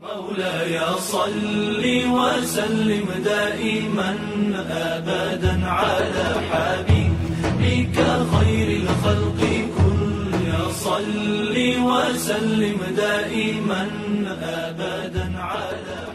مولاي صل وسلم دائما ابدا على حبيبك خير الخلق كل صل وسلم دائما ابدا على حبيبك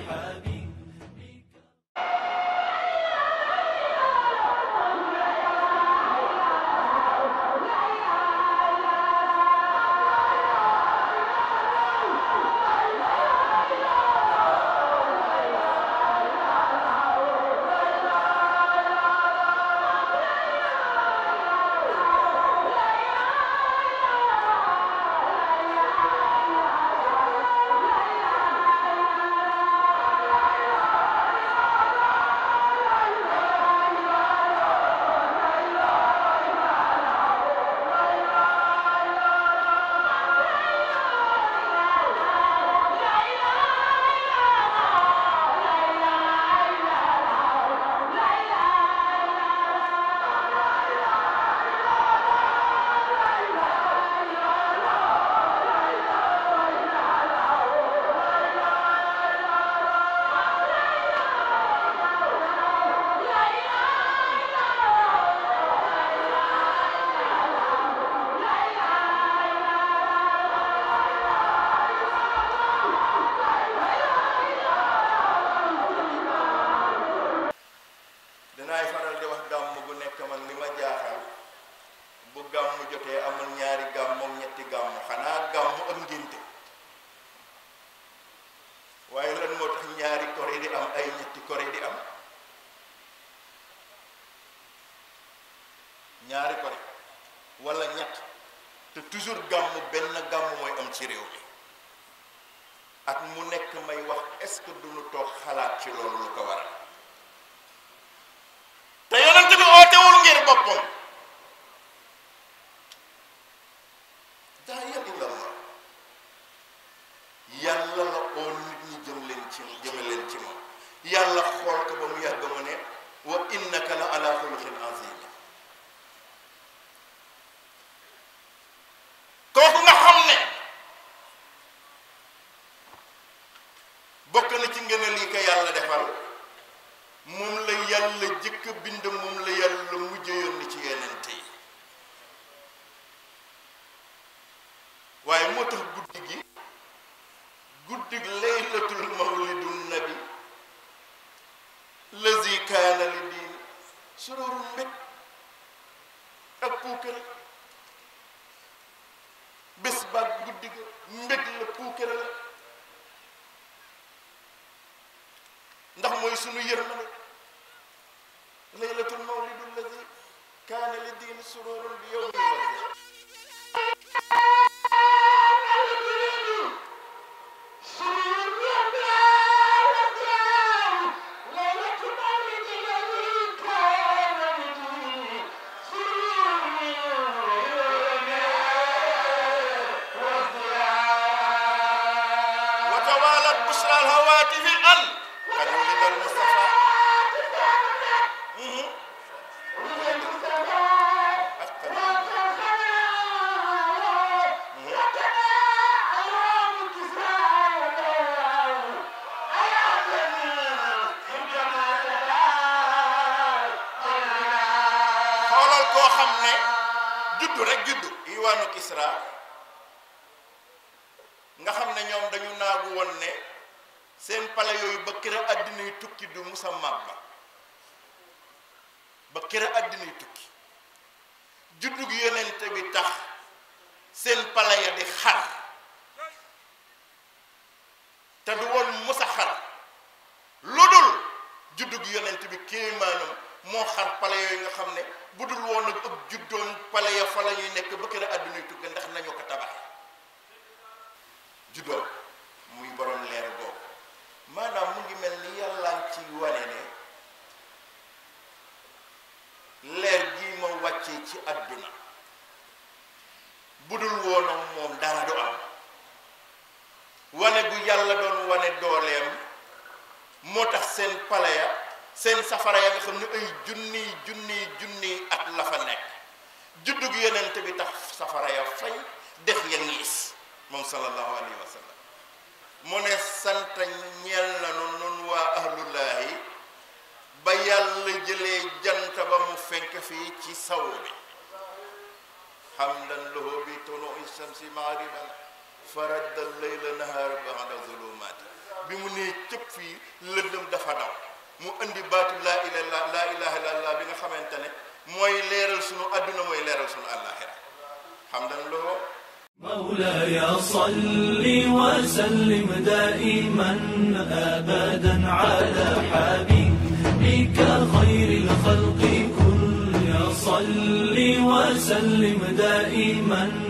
ñetti koré di am ñaari koré walla ñett te toujours gàmm benn gàmm mooy am ci réew mi at mu nekk may wax est-ce que duñu toog xalaat ci loolu lu ko waral te yonent bi ootewul ngir boppam daa yëpp yàlla xool ko ba mu yàgg mu ne wa innaka la ala xuluqin azim kooku nga xam ne bokk na ci ngëna lii ko yàlla defal moom la yàlla jëkk bind moom la yàlla mujj yónni ci yenente yi waaye moo tax guddi gi guddi laylatul mawlid kaanali lii sorooru mbég ak puukare bés baag guddi ga mbég la puukare la ndax mooy sunu yërmande laylatul mawlidul ladi kaana li diin sorooru bi yow mi xam ne juddu rek juddu iwaanu Kisra nga xam ne ñoom dañu naagu woon ne seen pale yooyu ba kër a àddina yu tukki du musa màgg ba kër a àddina yu tukki juddu gi bi tax seen pale ya di xar te du woon musa xar lu dul juddu gi yonente bi kéemaanam moo xar pale yooyu nga xam ne bu dul woon ak ëpp juddoom pale ya fa la ñuy nekk ba kër a àdduna tukki ndax nañu ko tabax juddoom muy borom leer boobu maanaam mu ngi mel ni yàllaan ci wane ne leer gi ma wàccee ci àdduna bu dul woon ak moom dara du am wane gu yàlla doon wane dooleem moo tax seen pale ya seen safara ya nga xam ne ay junniy junniy junniy at la fa nekk juddu gi yonent bi tax safara ya fay def ya ngiis moom sallallahu alayhi wa sallam mu ne sant ñeel nanu nun waa ahlullaahi ba yàlla jëlee jant ba mu fenk fii ci saw bi hamdan lahu bi tulu'i shamsi maghriban faradda al-layla nahara ba'da zulumati bi mu nee cëpp fii lëndëm dafa daw mu indi baatu laa ilaaha laa ilaaha illallah bi nga xamante ne mooy leeral sunu adduna mooy leeral sunu àllaaxira xamdan loo مولاي صل وسلم دائما ابدا على حبيبك خير الخلق كل صل وسلم دائما